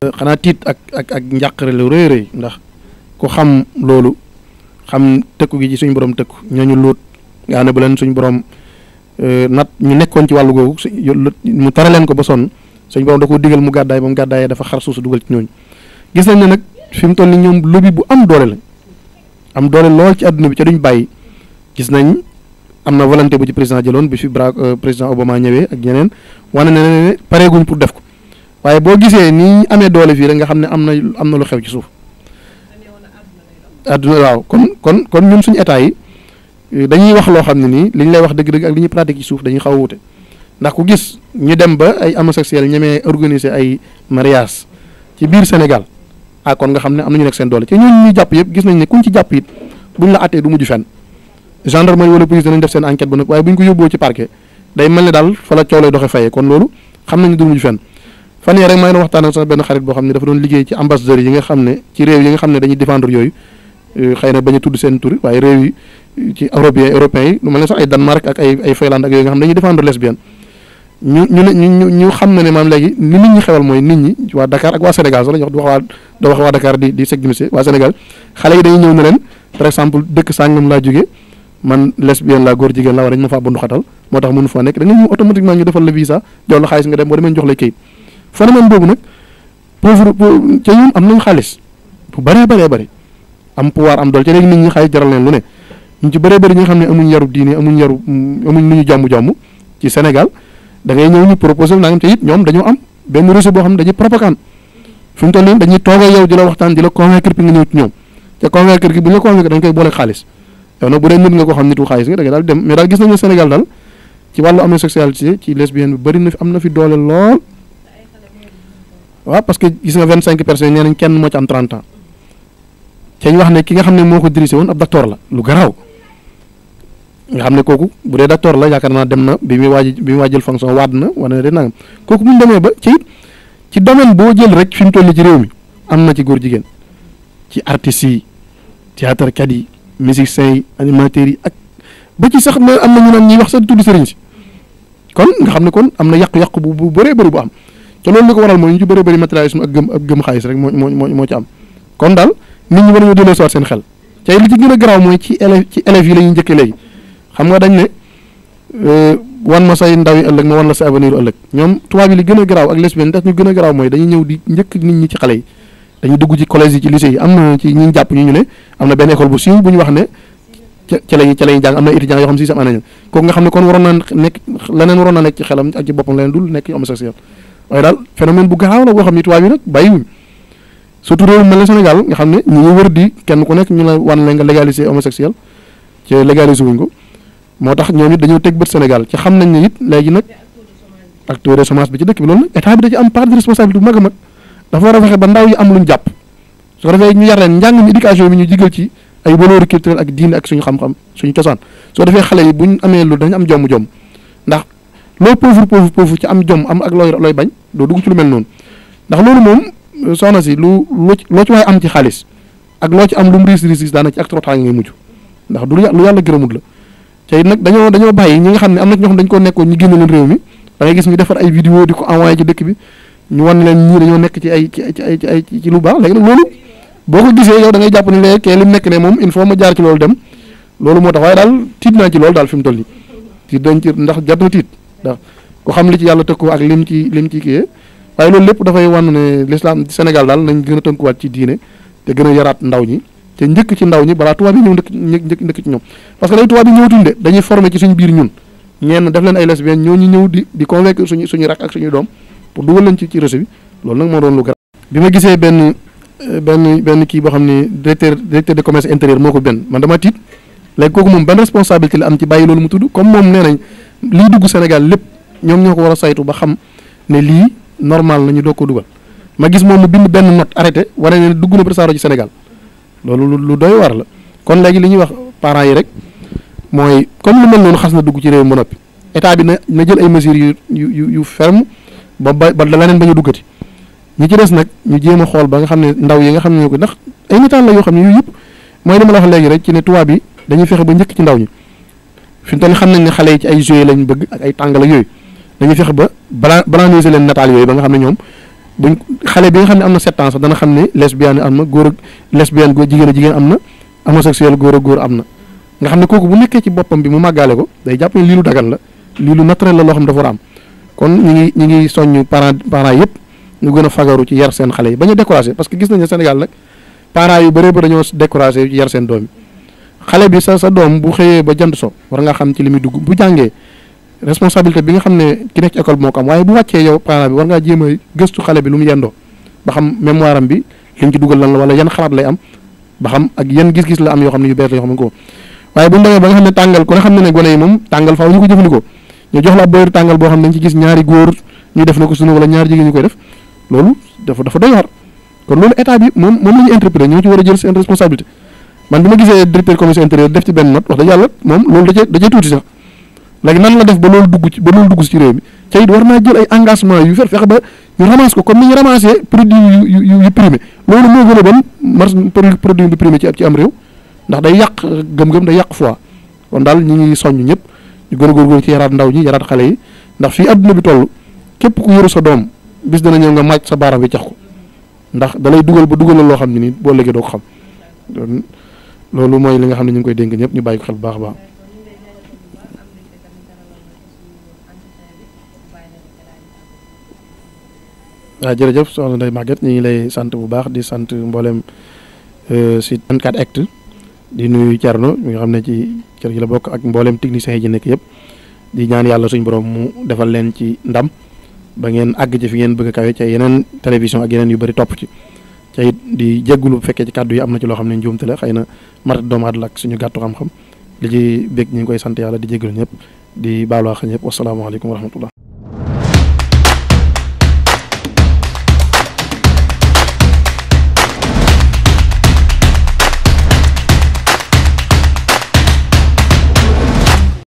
xanaa tiit ak ak ak njàqare lu rëy rëy ndax ku xam loolu xam tëkku gi ci suñ borom tëkku ñooñu luut nga ne bu leen suñ borom euh, nat ñu nekkoon ci wàllu googu mu tara leen ko ba sonn suñ borom da koo digal mu gàddaay moom gàddaayee dafa xar suuf dugal ci ñooñu gis nañ ne nag fi mu toll ni ñoom lobby bu am doole lañ am doole lool ci àdduna bi ca duñ bàyyi gis nañ am na volonté bu ci président jëloon bi fi bra euh, président Obama ñëwee ak ñeneen wane na ne pour def ko. waaye boo gisee ni amee doole fii rek nga xam ne am na am na lu xew ci suuf adduna waaw kon kon kon ñun suñu état yi euh, dañuy wax loo xam ne nii li lay wax dëgg-dëgg ak li ñuy pratique ci suuf dañuy xaw wute ndax ku gis ñu dem ba ay homosexuels ñemee organiser ay mariage ci biir Sénégal ah kon nga xam ne am nañu nekk seen doole ci ñun ñuy jàpp yëpp gis nañ ne kuñ ci jàpp it buñ la attee du mujj fenn gendarmerie wala police danañ def seen enquête ba nag waaye ci parquet day mel ne daal fa la coow kon loolu xam nañ du mujj fenn fan yii rek maa ngi doon waxtaan ak sax benn xarit boo xam ne dafa doon liggéey ci ambassadeurs yi nga xam ne ci réew yi nga xam ne dañuy défendre yooyu euh, xëy na bañ a tudd seen waaye réew yi ci européen yi lu mel ne sax ay Danemark ak ay ay Finlande ak ñu ñu ne ñu ñu ne ne maam léegi ni nit ñi xewal mooy nit ñi waa Dakar ak waa Sénégal sax la ñu wax du wax waa da wax di di sécuriser waa Sénégal xale yi dañuy ñëw ne leen par exemple dëkk sàngam laa jógee man lesbienne laa góor jigéen laa war dañ ma faa bundu moo tax mënu faa nekk dañ la ñu automatiquement ñu defal la phénomène boobu nag pauvre ca ñun am nañ xaalis bu bëree bëree bëri am pouvoir am doole ca léegi nit ñi xaalis jaral leen lu ne ñu ci bëree bëri ñi xam ne amuñ yaru diine amuñ yaru mm, amuñ lu ñu jàmm-jàmm ci Sénégal da ngay ñëw ñu proposé nangam te it ñoom dañoo am benn réseau boo xam ne dañuy propagande fi mu toll nii dañuy toog yow di la waxtaan di la convaincre nga ñëw ci ñoom te convaincre bi bu ñu la convaincre dañ koy boole xaalis yow nag bu dee nit nga xam nitu xaalis nga da ngay daal dem mais daal gis nañu Sénégal daal ci ci lesbienne bi na fi am na fi doole lool waaw parce que gis nga vingt cinq personnes nee nañ kenn moo ci am trente ans wax ne ki nga xam ne moo ko dirigé woon ab docteur la lu garaaw nga xam ne kooku bu dee docteur la yaakaar naa dem na bi muy waaj bi muy waajal fonction waad na wala de nangam kooku bu ñu demee ba ci ci domaine boo jël rek fi mu toll ci réew mi am na ci góor jigéen ci artistes yi théâtre kat yi musiciens yi animateurs yi ak ba ci sax am na ñu naan ñuy wax sax tudd sëriñ si kon nga xam ne kon am na yàqu-yàqu bu bu bëree bëri bu am. te loolu li ko waral mooy ñu ci bëri bëri matérialisme ak gëm ak gëm xaalis rek moo moo moo ci am kon daal nit ñi war nañoo delloo seen xel tey li ci gën garaaw mooy ci élève yi la ñuy njëkkee léegi xam nga dañ ne euh, wan ma say ndaw yi ëllëg ma wan la sa ñoom tubaab li gën a garaaw ak lesbienne ndax ñu gën a garaaw mooy dañuy ñëw di njëkk nit ñi ci xale yi dañuy dugg ci collège yi ci lycée yi am na ci ñi jàpp ñu ñu ne am na benn école bu siiw bu ñu wax ne ci lañu ci lañu jàng am na étudiant yoo xam si sam année kooku nga xam ne kon waroon na nekk leneen waroon na nekk ci xelam ak ci boppam leneen dul nekk homosexuel waaye daal phénomène bu garaaw la boo xam ni tubaab yi nag bàyyiwuñ surtout réew mel ne Sénégal nga xam ne ñu ngi wër di kenn ku nekk ñu la wan la nga légaliser homosexuel ci légaliser wuñ ko moo tax ñoom it dañoo teg bët Sénégal ci xam nañ ne it léegi nag acteur de semence bi ci dëkk bi loolu nag état bi da ci am part de responsabilité bu mag mag dafa war a fexe ba ndaw yi am luñ jàpp su ko ñu yar leen njàng mi éducation bi ñu jigal ci ay valeurs culturelles ak diine ak suñu xam-xam suñu cosaan soo defee xale yi buñ amee lu dañ am jomm jomm ndax loo pauvre pauvre pauvre ci am jom am ak looy looy bañ doo dugg mel noonu ndax loolu moom euh, soxna si lu loo ci waaye am ci xaalis ak loo ci am lu mu riis riis daana ci ak trop ngay mujj ndax du lu yàlla gërëmut la te nag dañoo dañoo bàyyi ñi nga xam ne am na ñoo xam dañu nekkoon ñu génne leen réew mi da ngay gis di ko envoyé ci dëkk bi ñu wan leen nekk ci ay ci lu baax léegi nag loolu boo ko gisee yow da ngay jàpp ne léegi kee li nekk ne moom il faut ma jaar ci loolu dem loolu moo tax waaye daal tiit naa ci loolu daal fi mu toll nii tiit dañ ndax jar na tiit ndax ku xam li ci yàlla tëkku ak lim ci lim ci kiyee waaye loolu lépp dafay wan ne l'islam Sénégal daal nañ gën tënkuwaat ci diine te gën a yaraat ndaw ñi te njëkk ci ndaw ñi balaa tubaab yi ñëw ndëkk ndëkk ci ñoom parce que day tubaab yi ñëwatuñ de dañuy formé ci suñu biir ñun ñeen def leen ay lesbiennes ñoo ñu ñëw di di convaincre suñu suñu rak ak suñu doom pour dugal leen ci ci bi loolu nag moo doon lu garab bi ma gisee benn benn benn kii boo xam ne directeur directeur de commerce intérieur moo ko benn man dama tiit léegi kooku moom benn responsabilité la am ci bàyyi loolu mu tudd comme moom nee liy dugg senegal lépp ñoom ñoo ko war a saytu ba xam ne lii normal na ñu doog ko dugal ma gis moom mu bind benn note arrêté wane ne dugg na ba tasaaroo ci Sénégal loolu lu doy war la kon léegi li ñuy wax parents yi rek mooy comme lu mel noonu xas na dugg ci réew mi ba noppi état bi na na jël ay mesures yu yu yu ferme ba ba ba leneen ba ñu duggati ñi ci des nag ñu jéem a xool ba nga xam ne ndaw yi nga xam ne ñoo ko ndax ay nitaal la yoo xam ne yooyu mooy dama la wax léegi rek ci ne tubaab yi dañuy fexe ba njëkk ci ndaw ñi. fi xam nañ ne xale yi ci ay jouets lañ bëgg ak ay tàngal ak yooyu dañuy fexe ba balaa banaliser leen nataal yooyu ba nga xam ne ñoom dañ xale bi nga xam ne am na sept ans dana xam ne lesbienne am na góor ak lesbienne a jigéen am na homosexuel góor ak góor am na nga xam ne kooku bu nekkee ci boppam bi mu màggaale ko day jàpp ne lii lu dagan la lii lu naturel la loo xam dafa war kon ñu ngi ñu ngi soññ parents parents yëpp ñu gën a fagaru ci yar seen xale yi bañ a découragé parce que gis nañ ne Sénégal nag parents yu bëree bëri xale bi sa sa doom bu xëyee ba jant so war nga xam ci li muy dugg bu jàngee responsabilité bi nga xam ne ki nekk ci école bi moo ko am waaye bu wàccee yow parent bi war ngaa jéem a gëstu xale lu mu yendoo ba xam mémoire am lan la wala yan xalaat lay am ba xam ak yan gis-gis la am yoo xam ne yu bees la yoo xam ne nga xam ne tàngal ku ne xam ne ne gone yi moom tàngal faaw ñu ko jëfandikoo ñu jox la boyru tàngal boo xam ne dañ ci gis ñaari góor ñu def na ko sunu wala ñaari jigéen ñu koy def loolu dafa dafa doy war kon loolu état bi moom moom la ñoo ci war a jël seen responsabilité man bi ma gisee directeur commission intérieure def ci benn note wax dëgg yàlla moom loolu da cee tuuti sax léegi nan la def ba loolu dugg ci ba loolu dugg ci réew mi te it war naa jël ay engagement yu fer fexe ba ñu ramasse ko comme ni ñu ramassé produit yu yu loolu moo gën a bon mar produit bi primé ci am réew ndax day yàq gëm-gëm day yàq fois kon daal ñi ngi soññ ñëpp ñu gën a góorgóorlu ci yaraat ndaw ñi yaraat xale yi ndax fii adduna bi toll képp ku yoru sa doom bis dana ñëw nga màcc sa baaraam bi cax ndax da lay dugal ba dugalal loo xam ne nii boo léegi doo ko xam loolu mooy li nga xam ne ñu ngi koy dénk ñëpp ñu bàyyi ko xel bu baax a baax waaw jërëjëf soxna Ndeye Maguette ñu ngi lay sant bu baax di sant mboolem euh, site 24actu di nuyu nu mi nga xam ne ci kër gi la bokk ak mboolem techniciens yi ci nekk yëpp di ñaan yàlla suñ borom mu defal leen ci ndam ba ngeen àgg ci fi ngeen bëgg a kawe ci yeneen télévision ak yeneen yu bari topp ci. te it di jéggulu bu fekkee ci kàddu yi am na ci loo xam ne njuumte la xëy na marat doomu aadala ak ñu gàttu xam-xam li ci bég ñu ngi koy sant yàlla di jéggalu ñëpp di baalu àq ñëpp wasalaamaaleykum wa rahmatullah